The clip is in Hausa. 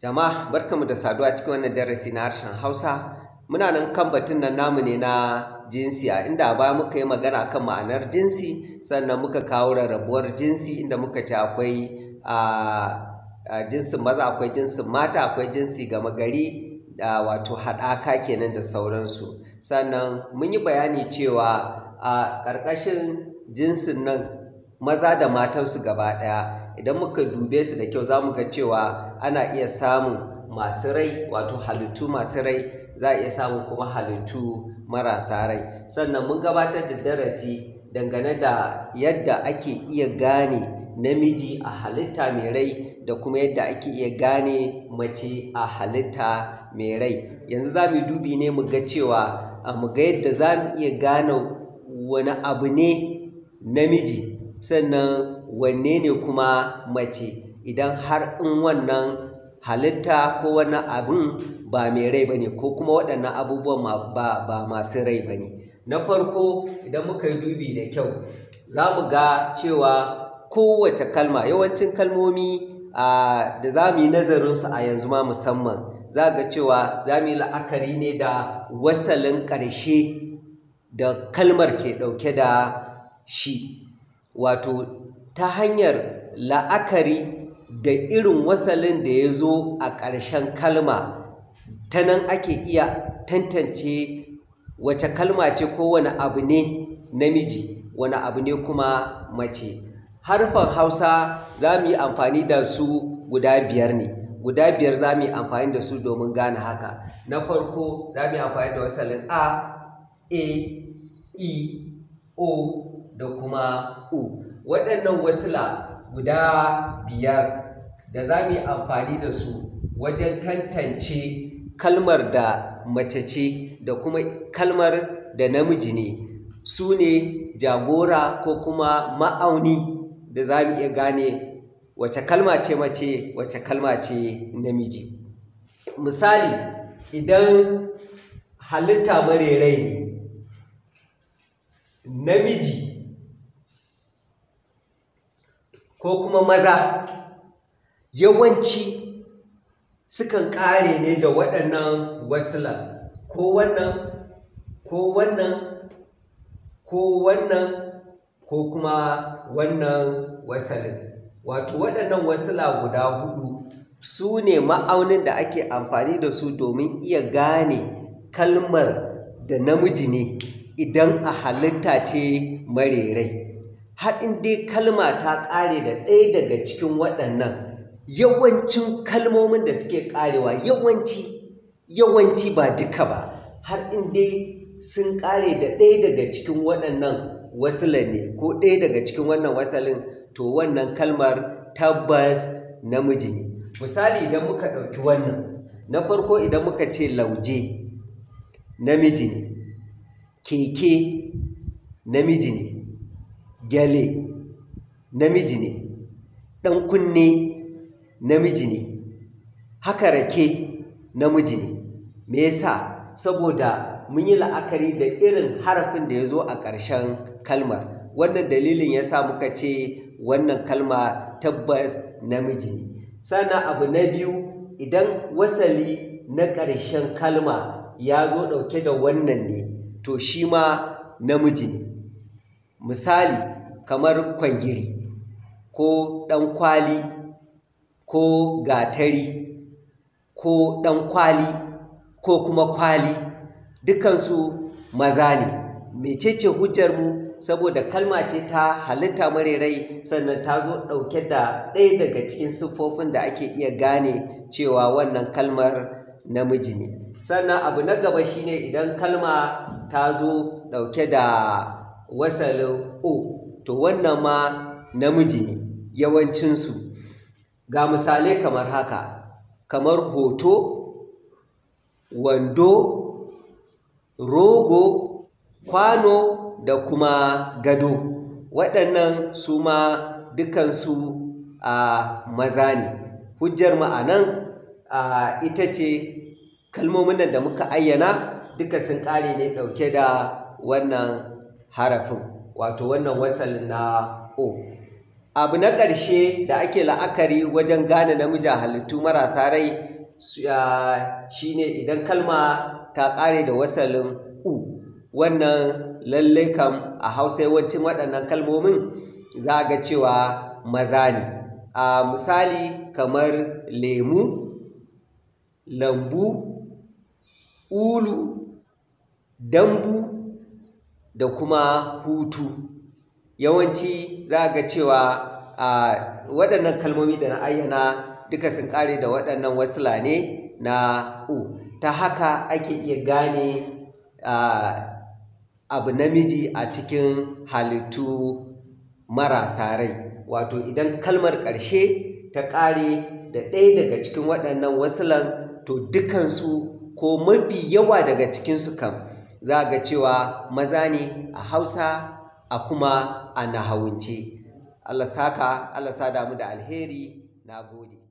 Jama'a barkamu da saduwa cikin wannan darasi na harshen Hausa. Muna nan kan batun nan namu ne na jinsi a inda ba muka yi magana kan ma'anar jinsi sannan muka kawo rarrabuwar jinsi inda muka ci akwai jinsin maza akwai jinsin mata akwai jinsi gama gari wato haɗaka kenan da sauransu. Sannan mun yi bayani cewa a ƙarƙashin jinsin nan maza da matansu gaba ɗaya idan muka dube su da kyau za mu ga cewa ana iya samun masu rai wato halittu masu rai za a iya samun kuma halittu marasa rai sannan mun gabatar da darasi dangane da yadda ake iya gane namiji a halitta mai rai da kuma yadda ake iya gane mace a halitta mai rai yanzu za mu dubi ne mu ga cewa mu ga yadda za mu iya gane wani abu ne namiji sannan wanne ne kuma mace idan har in wannan halitta ko wani abin ba mai rai ba ne ko kuma waɗannan abubuwan ba masu rai ba ne na farko idan muka yi dubi da kyau za mu ga cewa kowace kalma yawancin kalmomi da za mu yi nazarinsu a yanzu ma musamman za ga cewa za mu yi la'akari ne da wasalin ƙarshe da kalmar ke ɗauke da shi wato ta hanyar la'akari da irin wasalin da ya zo a ƙarshen kalma ta nan ake iya tantance wace kalma ce ko wani abu ne namiji wani abu ne kuma mace harfan hausa za mu yi amfani da su guda biyar ne guda biyar za mu yi amfani da su domin gane haka na farko za mu yi amfani da wasalin a a e o da kuma u waɗannan wasila guda biyar da za mu yi amfani da su wajen tantance kalmar da mace ce da kuma kalmar da namiji ne su ne jagora ko kuma ma'auni da za mu iya gane wace kalma ce mace wace kalma ce namiji misali idan halitta marerai ne namiji ko kuma maza yawanci sukan kare ne da waɗannan wasila ko wannan ko wannan ko wannan ko kuma wannan wasalin wato waɗannan wasila guda hudu su ne ma'aunin da ake amfani da su domin iya gane kalmar da namiji ne idan a halitta ce mare haɗin dai kalma ta ƙare da ɗaya daga cikin waɗannan yawancin kalmomin da suke ƙarewa yawanci yawanci ba duka ba har in dai sun ƙare da ɗaya daga cikin waɗannan wasilan ne ko ɗaya daga cikin wannan wasalin to wannan kalmar tabbas namiji ne misali idan muka ɗauki wannan na farko idan muka ce lauje namiji ne keke namiji ne gyale namiji ne ɗan kunne namiji ne haka rake namiji ne me yasa saboda mun yi la'akari da irin harafin da ya zo a ƙarshen kalmar wannan dalilin ya sa muka ce wannan kalma tabbas namiji ne sannan abu na biyu idan wasali na ƙarshen kalma ya zo ɗauke da wannan ne to shi ma namiji ne misali kamar kwangiri ko ɗan kwali ko gatari ko ɗan kwali ko kuma kwali dukansu maza ne mecece mu? saboda kalma ce ta halitta mare rai sannan ta zo ɗauke da ɗaya daga cikin siffofin da ake iya gane cewa wannan kalmar namiji ne sannan abu na gaba shine idan kalma ta zo ɗauke da wasalin o to wannan ma namiji ne yawancinsu ga misalai kamar haka kamar hoto wando rogo kwano da kuma gado waɗannan su ma dukansu a maza ne hujjar ma'anan ita ce kalmomin da muka ayyana duka sun ƙare ne ɗauke da wannan harafin wato wannan wasal na o abu na ƙarshe da ake la'akari wajen gane namijin halittu marasa rai shi ne idan kalma ta ƙare da wasalin u wannan lallai kam a hausa yawancin waɗannan kalmomin za a ga cewa maza ne a misali kamar lemu lambu ulu dambu da kuma hutu yawanci za a ga cewa a waɗannan kalmomi da na ayyana duka sun ƙare da waɗannan wasila ne na u ta haka ake iya gane abu namiji a cikin halittu marasa rai wato idan kalmar ƙarshe ta ƙare da ɗaya daga cikin waɗannan wasilan to dukansu ko mafi yawa daga cikinsu kam za ga cewa maza ne a hausa a kuma a nahawance Allah saka Allah sa damu da alheri na gode